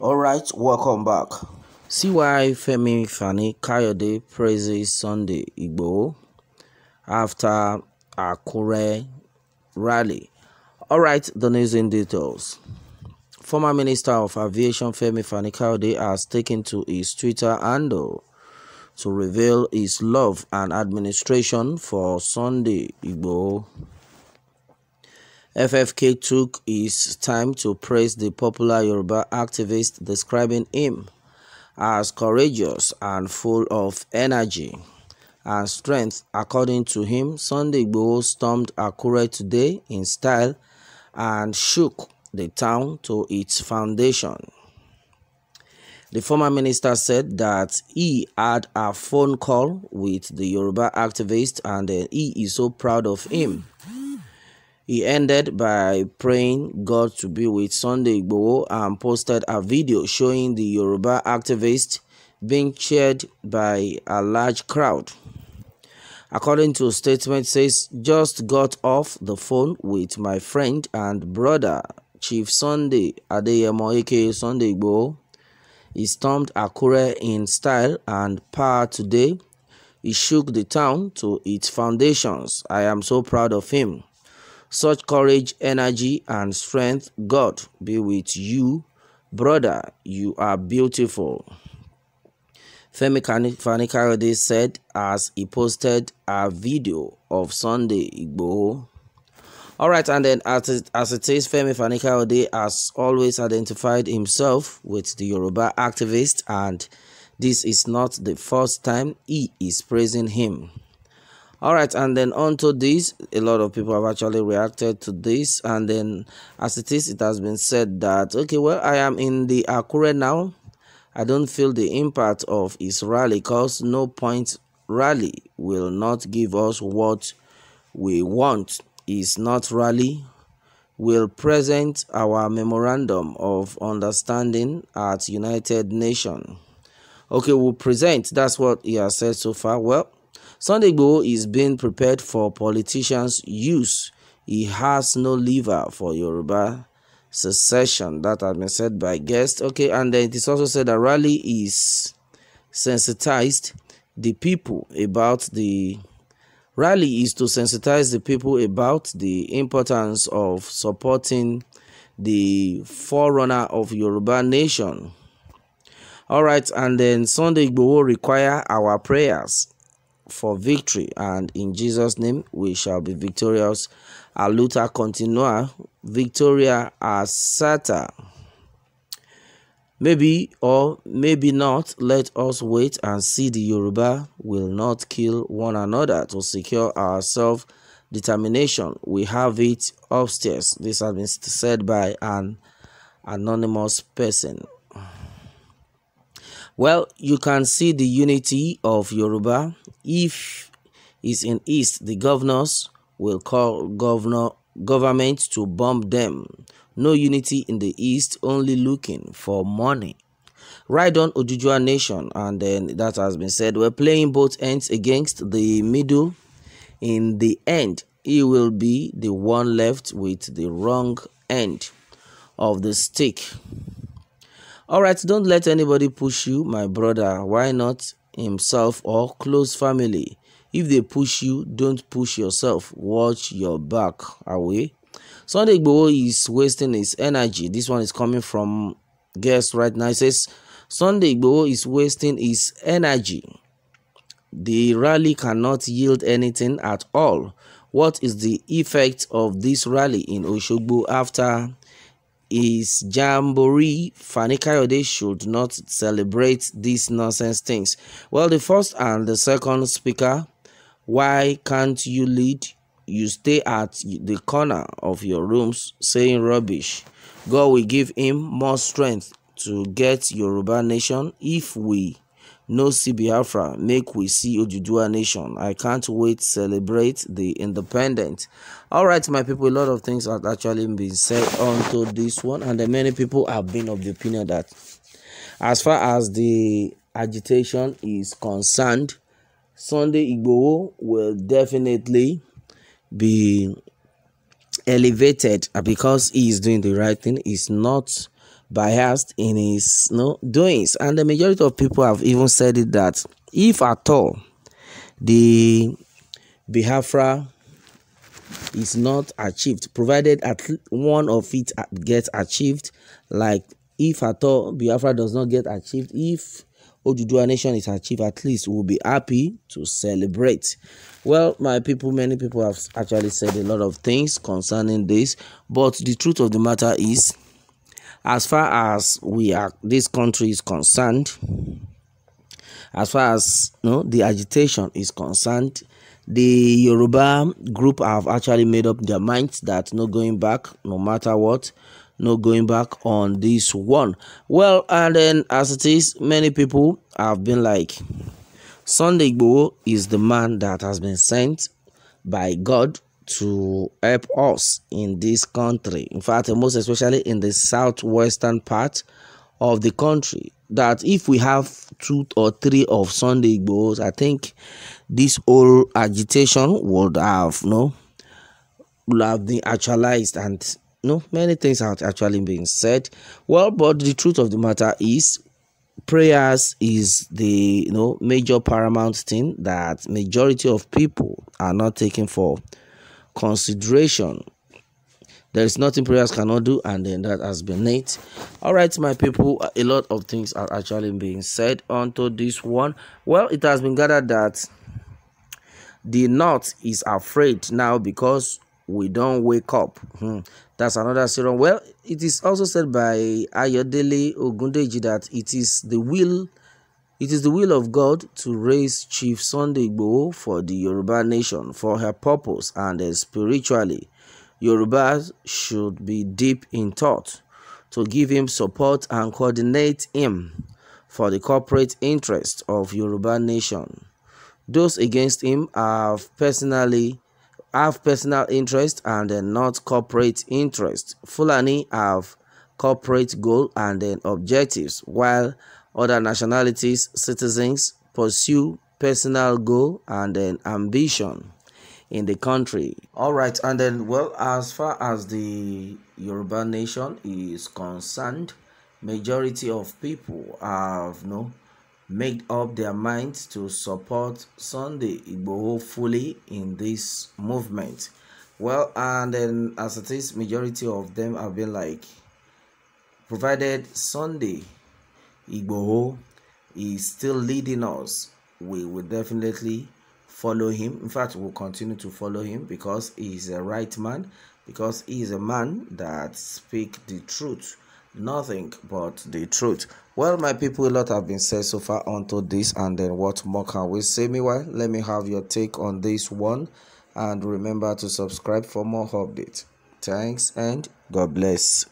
All right, welcome back. CY Femi Fani Kayode praises Sunday Igbo after Akure rally. All right, the news in details. Former Minister of Aviation Femi Fani Kayode has taken to his Twitter handle to reveal his love and administration for Sunday Igbo. FFK took his time to praise the popular Yoruba activist, describing him as courageous and full of energy and strength. According to him, Sunday Igboho stormed Akure today in style and shook the town to its foundation. The former minister said that he had a phone call with the Yoruba activist and uh, he is so proud of him. He ended by praying God to be with Sunday Igboho and posted a video showing the Yoruba activist being cheered by a large crowd. According to a statement says, just got off the phone with my friend and brother, Chief Sunday Adeyemo aka Sunday Igboho he stormed Akure in style and power today. He shook the town to its foundations. I am so proud of him. Such courage, energy, and strength, God be with you. Brother, you are beautiful. Femi Fanikayode said as he posted a video of Sunday Igboho all right, and then as it, as it is, Femi Fanikaode has always identified himself with the Yoruba activist, and this is not the first time he is praising him. All right, and then onto this, a lot of people have actually reacted to this, and then as it is, it has been said that okay, well, I am in the Akure now. I don't feel the impact of his rally because no point rally will not give us what we want is not rally, will present our memorandum of understanding at United Nations. Okay, we'll present. That's what he has said so far. Well, Sunday is being prepared for politicians' use. He has no lever for Yoruba secession. That has been said by guests. Okay, and then it is also said that rally is sensitized the people about the Rally is to sensitize the people about the importance of supporting the forerunner of Yoruba nation. All right, and then Sunday will require our prayers for victory, and in Jesus' name we shall be victorious. Aluta continua, victoria asata. Maybe or maybe not let us wait and see the Yoruba will not kill one another to secure our self-determination. We have it upstairs. This has been said by an anonymous person. Well, you can see the unity of Yoruba. If it's in East, the governors will call governor government to bomb them. No unity in the East, only looking for money. Right on Ojujua Nation, and then that has been said. We're playing both ends against the middle. In the end, he will be the one left with the wrong end of the stick. Alright, don't let anybody push you, my brother. Why not himself or close family? If they push you, don't push yourself. Watch your back away Sunday boy is wasting his energy. This one is coming from guest right now. It says Sunday boy is wasting his energy. The rally cannot yield anything at all. What is the effect of this rally in Oshogbo after his jamboree? Fani Kayode should not celebrate these nonsense things. Well, the first and the second speaker, why can't you lead? you stay at the corner of your rooms saying rubbish. God will give him more strength to get Yoruba nation if we no see Biafra, make we see Ojudua nation. I can't wait to celebrate the independent. All right, my people, a lot of things have actually been said onto this one, and many people have been of the opinion that as far as the agitation is concerned, Sunday Igbo will definitely be elevated because he is doing the right thing he's not biased in his you know, doings and the majority of people have even said it that if at all the Biafra is not achieved, provided at one of it gets achieved, like if at all Biafra does not get achieved, if Oduduwa Nation is achieved, at least we'll be happy to celebrate. Well, my people, many people have actually said a lot of things concerning this, but the truth of the matter is, as far as we are, this country is concerned, as far as you know, the agitation is concerned, the Yoruba group have actually made up their minds that no going back, no matter what no going back on this one well and then as it is many people have been like sunday Igbo is the man that has been sent by god to help us in this country in fact most especially in the southwestern part of the country that if we have two or three of sunday Igbos, i think this whole agitation would have you no know, would have been actualized and no, many things are actually being said. Well, but the truth of the matter is prayers is the you know major paramount thing that majority of people are not taking for consideration there is nothing prayers cannot do and then that has been it all right my people a lot of things are actually being said onto this one well it has been gathered that the north is afraid now because we don't wake up hmm. That's another serum. Well, it is also said by Ayodele Ogundeji that it is the will it is the will of God to raise Chief Sunday Bo for the Yoruba nation for her purpose and uh, spiritually. Yorubas should be deep in thought to give him support and coordinate him for the corporate interest of Yoruba nation. Those against him have personally have personal interest and then not corporate interest. Fulani have corporate goal and then objectives, while other nationalities, citizens pursue personal goal and then ambition in the country. All right, and then well, as far as the Yoruba nation is concerned, majority of people have no made up their minds to support Sunday Igboho fully in this movement. Well, and then as it is, majority of them have been like, provided Sunday Igboho is still leading us, we will definitely follow him. In fact, we'll continue to follow him because he is a right man, because he is a man that speak the truth nothing but the truth. Well, my people, a lot have been said so far onto this, and then what more can we say? Meanwhile, let me have your take on this one, and remember to subscribe for more updates. Thanks and God bless.